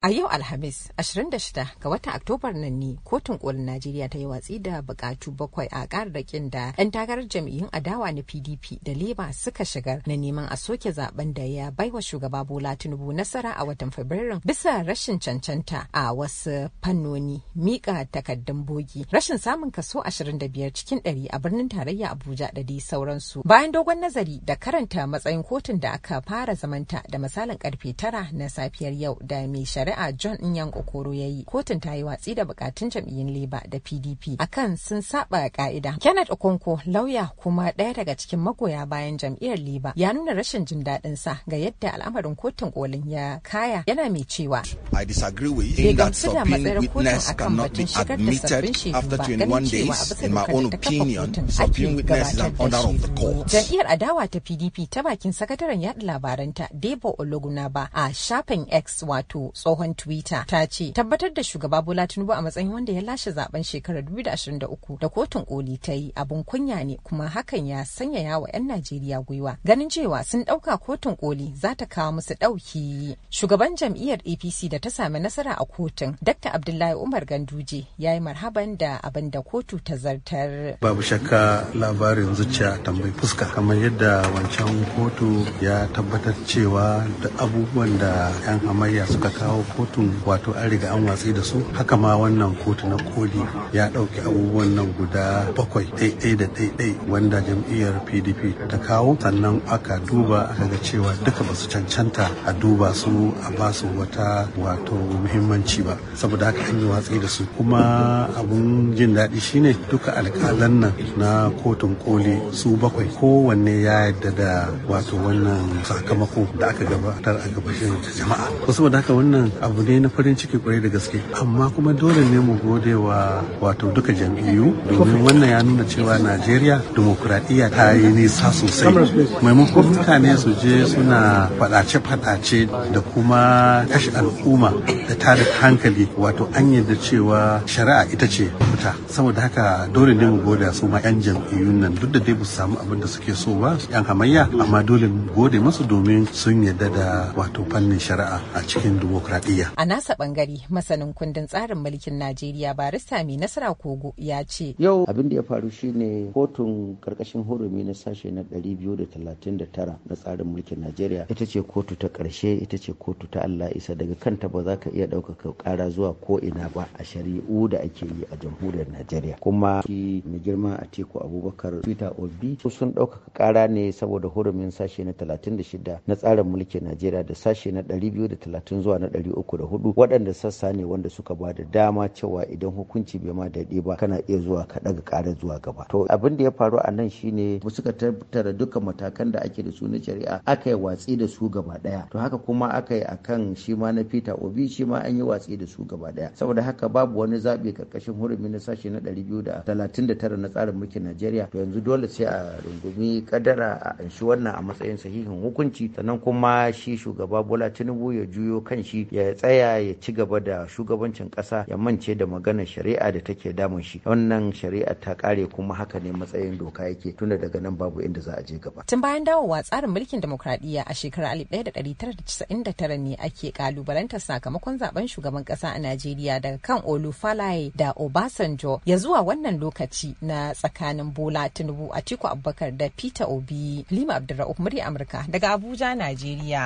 A yau Alhamis 26 ga watan Oktobar nan ne kotun kolin Najeriya ta yi watsi da bukatu bakwai a kararrakin da 'yan takarar jam'iyyun adawa na PDP da Leba suka shigar na neman a soke zaben da ya baiwa shugaba Bola Tinubu nasara a watan Fabrairun bisa rashin cancanta a wasu fannoni mika takaddun bogi rashin samun kaso 25 cikin 100 a birnin tarayya Abuja da dai sauransu. Bayan dogon nazari da karanta matsayin kotun da aka fara zamanta da misalin karfe 9 na safiyar yau da mai shari'a john nyan okoro ya yi kotun ta yi watsi da bukatun jam'iyyun labour da pdp akan sun saba ka'ida kenneth okonko lauya kuma daya daga cikin magoya bayan jam'iyyar leba ya nuna rashin jin daɗin sa ga yadda al'amarin kotun kolin ya kaya yana mai cewa i disagree with you that subpoena witness cannot be admitted after 21 days in my own opinion witness is an of the court jam'iyyar adawa ta pdp ta bakin sakataren yaɗa labaranta debo ologunaba a shafin x wato tsoho. tsohon Twitter ta ce tabbatar da shugaba Bola Tinubu a matsayin wanda ya lashe zaben shekarar 2023 da kotun koli ta yi abun kunya ne kuma hakan ya sanyaya wa 'yan Najeriya gwiwa ganin cewa sun ɗauka kotun koli za ta kawo musu ɗauki. Shugaban jam'iyyar APC da ta sami nasara a kotun Dr. Abdullahi Umar Ganduje ya yi marhaban da abin da kotu ta zartar. Babu shakka labarin zuciya tambayi fuska kamar yadda wancan kotu ya tabbatar cewa da abubuwan da 'yan hamayya suka kawo kotun wato an riga an watsi da su haka ma wannan kotu na koli ya ɗauki abubuwan nan guda bakwai ɗaiɗai da ɗaiɗai wanda jam'iyyar pdp ta kawo sannan aka duba aka ga cewa duka basu cancanta a duba su a ba su wata wato muhimmanci ba saboda haka an yi watsi da su kuma abun jin daɗi shine duka alƙalan nan na kotun koli su bakwai kowanne ya yadda da wato wannan sakamako da aka gabatar a gabashin jama'a wasu da haka wannan abu ne na farin ciki kwarai da gaske amma kuma dole ne mu gode wa wato duka jam'iyyu domin wannan ya nuna cewa najeriya demokuraɗiyya ta yi nisa sosai maimakon mutane su je suna faɗace-faɗace da kuma kashe al'umma da tada hankali wato an yarda cewa shari'a ita ce fita saboda haka dole ne mu gode su ma 'yan jam'iyyun nan duk da dai ba samu abin da suke so ba 'yan hamayya amma dole mu gode masu domin sun yarda da wato fannin shari'a a cikin demokuraɗiyya demokradiyya. A nasa bangare masanin kundin tsarin mulkin Najeriya barista mai nasara kogo ya ce. Yau abin da ya faru shine kotun karkashin hurumi na sashe na 239 na tsarin mulkin Najeriya ita ce kotu ta karshe ita ce kotu ta Allah isa daga kanta ba za ka iya ɗaukaka kara zuwa ko ina ba a shari'u da ake yi a jamhuriyar Najeriya. Kuma shi mai girma a teku Abubakar Peter Obi sun ɗaukaka kara ne saboda hurumin sashe na 36 na tsarin mulkin Najeriya da sashe na 230 zuwa na uku da hudu waɗanda sassa ne wanda suka ba da dama cewa idan hukunci bai ma daɗe ba kana iya zuwa ka ɗaga ƙara zuwa gaba to abin da ya faru a nan shine mu suka tattara dukkan matakan da ake da su na shari'a aka yi watsi da su gaba ɗaya to haka kuma aka yi akan shi ma na peter obi shi ma an yi watsi da su gaba ɗaya saboda haka babu wani zaɓi karkashin hurumi na sashe na tara na tsarin mulkin najeriya to yanzu dole sai a rungumi kadara a anshi wannan a matsayin sahihin hukunci sannan kuma shi shugaba bola tinubu ya juyo kan shi ya ya tsaya ya ci gaba da shugabancin ƙasa ya mance da maganar shari'a da take damun shi wannan shari'a ta kare kuma haka ne matsayin doka yake tunda daga nan babu inda za a je gaba tun bayan dawowa tsarin mulkin demokradiyya a shekarar 1999 ne ake kalubalantar sakamakon zaben shugaban ƙasa a Najeriya daga kan Olufalaye da Obasanjo ya zuwa wannan lokaci na tsakanin Bola Tinubu Atiku Abubakar da Peter Obi Lima Abdulrahman Murya Amurka daga Abuja Najeriya